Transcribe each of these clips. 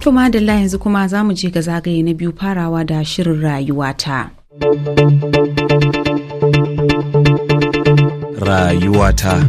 To madalla yanzu kuma za mu je ga zagaye na biyu farawa da shirin rayuwata. Rayuwata.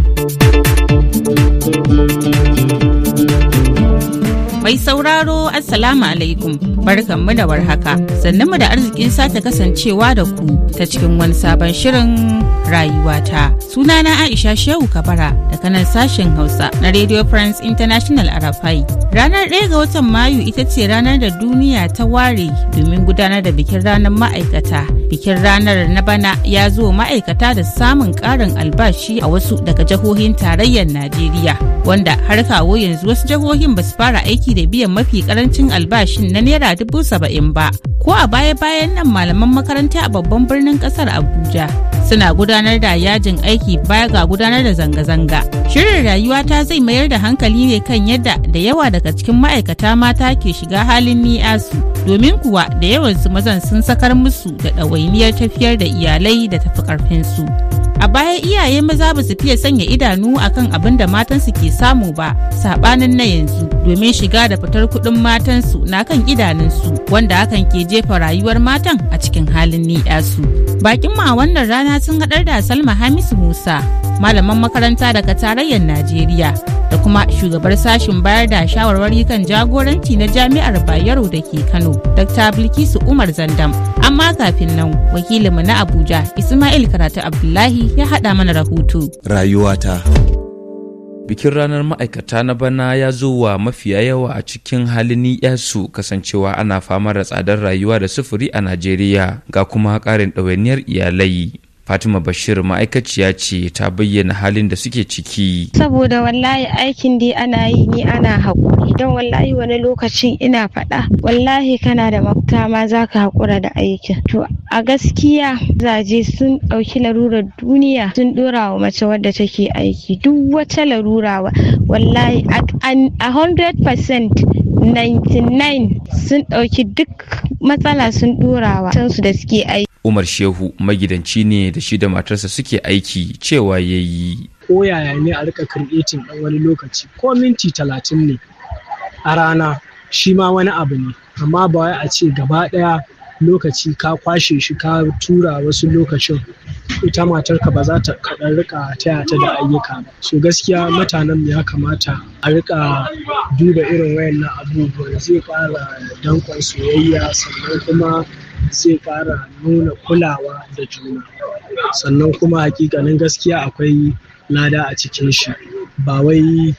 Mai sauraro Assalamu alaikum barkanmu da warhaka sannan mu da arzikin sake kasancewa da ku ta cikin wani sabon shirin rayuwata. Sunana Aisha Shehu Kabara daga nan sashen Hausa na Radio France International Arafai. Ranar ɗaya ga watan Mayu ita ce ranar da duniya ta ware domin gudanar da bikin ranar ma'aikata. Bikin ranar na bana ya zo ma'aikata da samun ƙarin albashi a wasu daga jihohin tarayyar Najeriya wanda har kawo yanzu wasu jihohin ba su fara aiki da da biyan mafi karancin albashin na naira dubu saba'in ba ko a baya-bayan nan malaman makaranta a babban birnin kasar abuja suna gudanar da yajin aiki baya ga gudanar da zanga-zanga shirin rayuwa ta zai mayar da hankali ne kan yadda da yawa daga cikin ma'aikata mata ke shiga halin ni'asu domin kuwa da yawansu mazan sun sakar musu da ɗawainiyar tafiyar da iyalai da tafi ƙarfinsu. su A baya iyaye maza ba su fiye sanya idanu akan abin da matansu ke samu ba, saɓanin na yanzu domin shiga da fitar kuɗin matansu na kan idanunsu wanda hakan ke jefa rayuwar matan a cikin halin ni'ya su. Bakin ma wannan rana sun haɗar da Salma Hamisu Musa, malaman makaranta daga tarayyar Najeriya. da kuma shugabar sashen bayar da shawarwari kan jagoranci na jami'ar bayero da ke kano dr bilkisu umar zandam amma kafin nan wakilinmu na abuja ismail karatu abdullahi ya haɗa mana rahoto rayuwata bikin ranar ma'aikata na bana ya zo wa mafiya yawa a cikin halin yasu kasancewa ana fama da tsadar rayuwa da sufuri a najeriya ga kuma ƙarin ɗawainiyar iyalai Fatima Bashir ma'aikaciya ce ta bayyana halin da suke ciki. Saboda wallahi aikin dai ana yi ni ana haƙuri don wallahi wani lokacin ina faɗa wallahi kana da mafita ma za ka haƙura da aikin. To a gaskiya zaje sun ɗauki larurar duniya sun ɗora wa mace wadda take aiki duk wata larura wallahi a 100% 99 sun ɗauki duk matsala sun ɗorawa su da suke aiki. Umar Shehu magidanci ne da shi da matarsa suke aiki cewa ya yi. Ko yaya ne a rika creating ɗan wani lokaci ko minti talatin ne a rana shi ma wani abu ne amma ba wai a ce gaba ɗaya lokaci ka kwashe shi ka tura wasu lokacin ita matarka ba za ta kaɗan rika taya ta da ayyuka ba so gaskiya mutanen ya kamata a rika duba irin wayannan abubuwan zai fara dankon soyayya sannan kuma zai fara nuna kulawa da juna sannan kuma hakikanin gaskiya akwai lada a cikin shi ba wai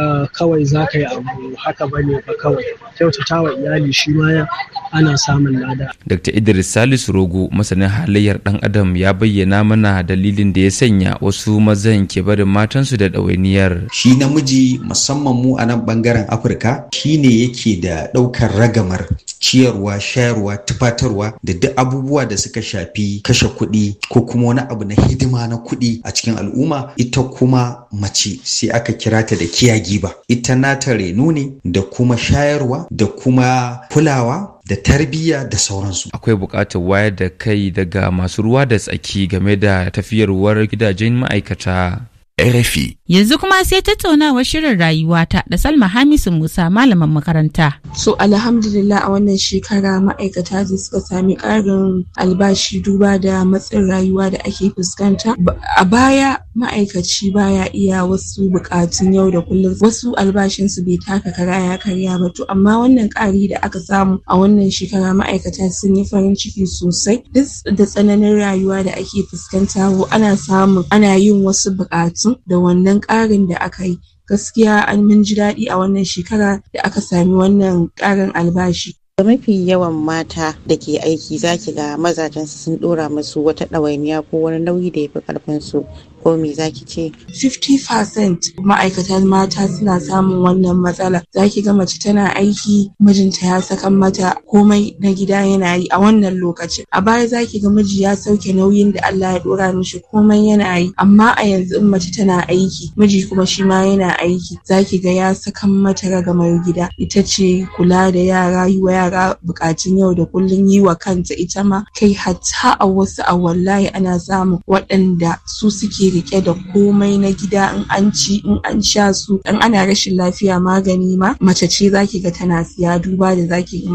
ah, kawai za ka yi abu haka ba ne ba kawai kyautata wa iyali shi ma ana samun lada. Dr. Idris Salisu Rogo masanin halayyar ɗan adam ya bayyana mana dalilin da ya sanya wasu mazan ke barin matansu da ɗawainiyar. Shi namiji musamman mu a nan bangaren Afirka shi ne yake da ɗaukar ragamar ciyarwa shayarwa tufatarwa da duk abubuwa da suka shafi kashe kuɗi ko kuma wani abu na hidima na kuɗi a cikin al'umma ita kuma mace sai aka kira ta da kiyagi ba ita nata reno ne da kuma shayarwa da kuma kulawa da tarbiyya da sauransu. Akwai buƙatar wayar da kai daga masu ruwa da tsaki game da tafiyarwar gidajen ma'aikata. RFI Yanzu kuma sai tattaunawa shirin rayuwata da Salma Hamisu Musa malaman makaranta. So alhamdulillah a wannan shekara ma'aikata da suka sami karin albashi duba da matsin rayuwa da ake fuskanta. A baya ma'aikaci baya iya wasu buƙatun yau da kullum wasu albashin su bai taka kara ya karya ba to amma wannan ƙari da aka samu a wannan shekara ma'aikata sun yi farin ciki sosai duk da tsananin rayuwa da ake fuskanta ana samun ana yin wasu bukatu da wannan wannan ƙarin da aka yi gaskiya an mun ji daɗi a wannan shekara da aka sami wannan ƙarin albashi da mafi yawan mata da ke aiki za ki ga mazajen sun dora musu wata ɗawainiya ko wani nauyi da ya fi karfin su ko me za ki ce 50% ma'aikatan mata suna samun wannan matsala Za ki ga mace tana aiki mijinta ya saka mata komai na gida yana yi a wannan lokacin a baya za ki ga miji ya sauke nauyin da Allah ya dora mishi komai yana yi amma a yanzu in mace tana aiki miji kuma shi ma yana aiki Za ki ga ya saka mata ragamar gida ita ce kula da yara yi wa yara bukatun yau da kullun yi wa kanta ita ma kai hatta a wasu a wallahi ana samun waɗanda su suke rike da komai na gida in an ci in an sha su in ana rashin lafiya magani ma mace ce zaki ga tana siya duba da zaki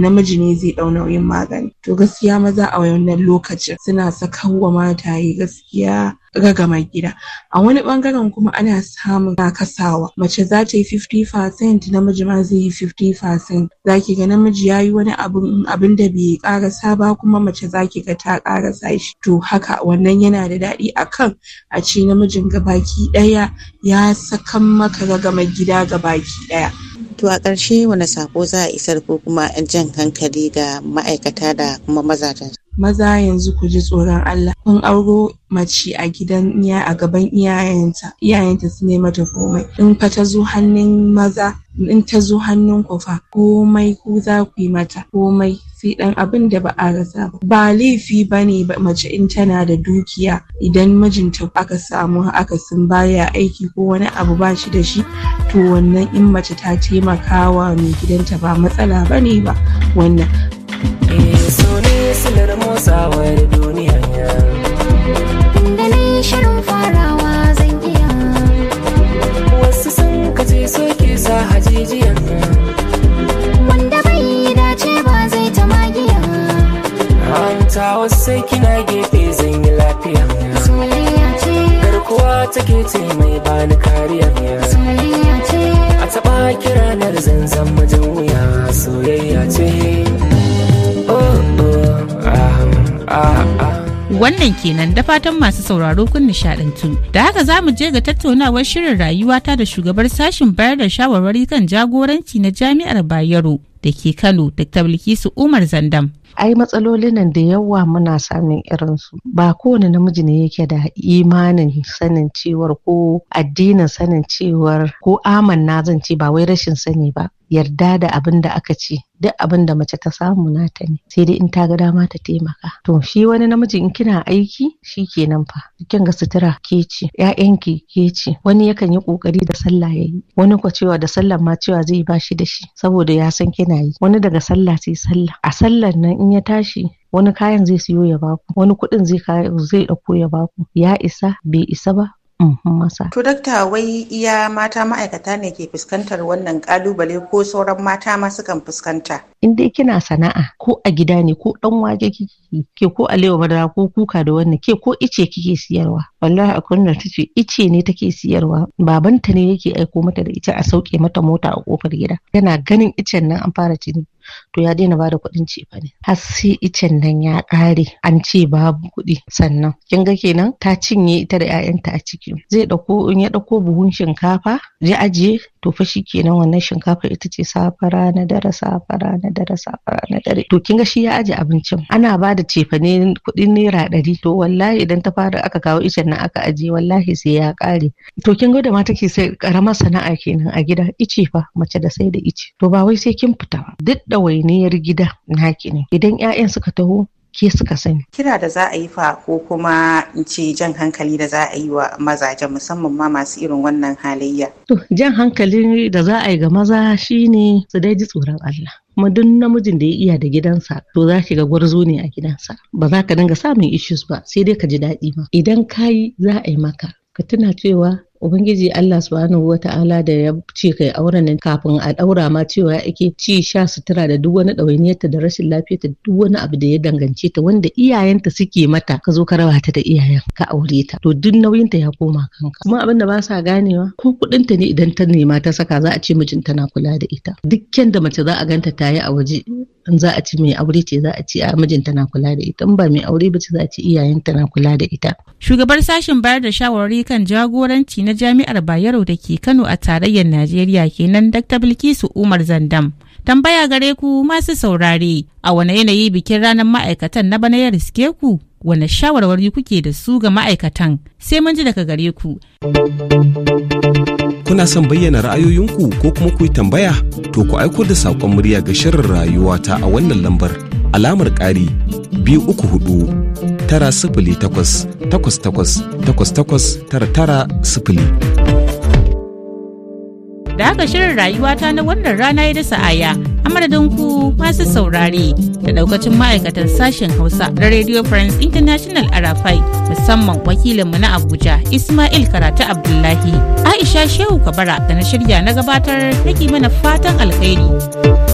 namiji ne zai ɗau nauyin magani to gaskiya maza a wannan lokacin suna sakawa mataye gaskiya ragamar gida a wani bangaren kuma ana samun na kasawa mace za ta yi 50% namiji ma zai yi 50% za ki ga namiji ya yi wani abin da bai karasa ba kuma mace za ki ga ta karasa shi to haka wannan yana da daɗi akan a ce namijin gabaki ɗaya ya sakan maka ragamar gida gabaki ɗaya To a ƙarshe wani sako za a isar ko kuma jan hankali ga ma'aikata da kuma mazajen maza yanzu ku ji tsoron Allah kun auro mace a gidan iya a gaban iyayenta iyayenta su ne mata komai in fa ta zo hannun maza in ta zo hannun ku fa komai ku za ku yi mata komai sai dan abin da ba a rasa ba ba laifi ba ne mace in tana da dukiya idan mijinta aka samu aka sun baya aiki ko wani abu ba shi da shi to wannan in mace ta taimakawa mai gidanta ba matsala ba ne ba wannan eh so ne silar motsawar duniya inda na shirin farawa zan iya wasu sun kace soke sa hajijiyan wanda bai dace ba zai ta magiya hanta wasu sai kina gefe zan yi lafiya soyayya ce garkuwa take ce mai bani kariya soyayya ce a taba kiranar zanzan majin Wannan kenan da fatan masu sauraro kun nishadantu. Da haka za mu je ga tattaunawar shirin rayuwata da shugabar sashin bayar da shawarwari kan jagoranci na Jami'ar Bayero da ke Kano, Dr. Bilkisu Umar Zandam. ai matsalolin nan da yawa muna samun irinsu ba kowane namiji ne yake da imanin sanin cewar ko addinin sanin cewar ko aman na zan ce ba wai rashin sani ba yarda da abin da aka ce duk abin da mace ta samu nata ne sai dai in ta ga dama ta taimaka to shi wani namiji in kina aiki shi ke nan fa kin ga sutura ke ce ƴaƴanki ke ce wani yakan yi kokari da sallah ya yi. wani ko cewa da sallah ma cewa zai ba shi da shi saboda ya san kina yi wani daga sallah sai sallah a sallar nan in ya tashi wani kayan zai siyo ya baku wani kuɗin zai zai ɗauko ya baku ya isa bai isa ba mhm. masa. To dakta wai iya mata ma'aikata ne ke fuskantar wannan kalubale ko sauran mata ma kan fuskanta. In dai kina sana'a ko a gida ne ko dan wake kike ke ko alewa madara ko kuka da wannan ke ko ice kike siyarwa wallahi a kunna ce ice ne take siyarwa babanta ne yake aiko mata da ita a sauke mata mota a kofar gida yana ganin icen nan an fara cini to ya daina bada kuɗin fa ne har sai icen nan ya ƙare an ce babu kuɗi sannan kin ga kenan ta cinye ita da 'ya'yanta a ciki zai ɗauko in ya ɗauko buhun shinkafa ya ajiye to fa shi kenan wannan shinkafar ita ce safara na dare safara na dare safara na dare to kin ga shi ya ajiye abincin ana bada cefane kuɗin naira ɗari to wallahi idan ta fara aka kawo icen sana'a aka ajiye wallahi sai ya kare to kin ga da mata ke sai karama sana'a kenan a gida ice fa mace da sai da ice to ba wai sai kin fita ba duk da wainiyar gida naki ne idan 'ya'yan suka taho ke suka sani. Kira da za a yi fa ko kuma in ce jan hankali da za a yi wa mazajen musamman ma masu irin wannan halayya. To jan hankali da za a yi ga maza shine su dai ji tsoron Allah. kuma duk namijin da ya iya da gidansa to za ki ga gwarzo ne a gidansa ba za ka dinga samun issues ba sai dai ka ji daɗi ba idan ka yi za a yi maka ka tuna cewa ubangiji Allah subhanahu ta'ala da ya ce kai auren ne kafin a daura ma cewa ake ci sha sutura da duk wani ɗawainiyarta da rashin lafiyarta duk wani abu da ya dangance ta wanda iyayenta suke mata ka zo ka raba ta da iyayen ka aure ta to duk ta ya koma kanka kuma abin da ba sa ganewa ko kuɗin ta ne idan ta nema ta saka za a ce mijinta na kula da ita dukkan da mace za a ganta ta yi a waje in za a ci mai aure ce za a ci a mijinta na kula da ita in ba mai aure ba ce za a ci iyayen na kula da ita Shugabar sashen bayar da shawarwari kan jagoranci na Jami'ar Bayero da ke Kano a tarayyar Najeriya kenan Dr. Bilkisu Umar Zandam. Tambaya gare ku masu saurare a wane yanayi bikin ranar ma'aikatan na bana ya riske ku? Wane shawarwari kuke da su ga ma'aikatan? Sai mun ji daga gare ku. kuna son bayyana ra'ayoyinku ko kuma ku yi tambaya to ku aiko da saƙon murya ga shirin rayuwa ta a wannan lambar alamar ƙari biyu uku hudu tara sifili takwas takwas takwas takwas takwas tara tara sifili. Da haka shirin rayuwata na wannan rana ya dasa aya, a madadin ku masu saurare da daukacin ma'aikatan sashen Hausa na Radio France International Arafai musamman wakilinmu na Abuja Ismail Karatu Abdullahi. Aisha Shehu Kabara da na shirya na gabatar nake mana fatan alkhairi.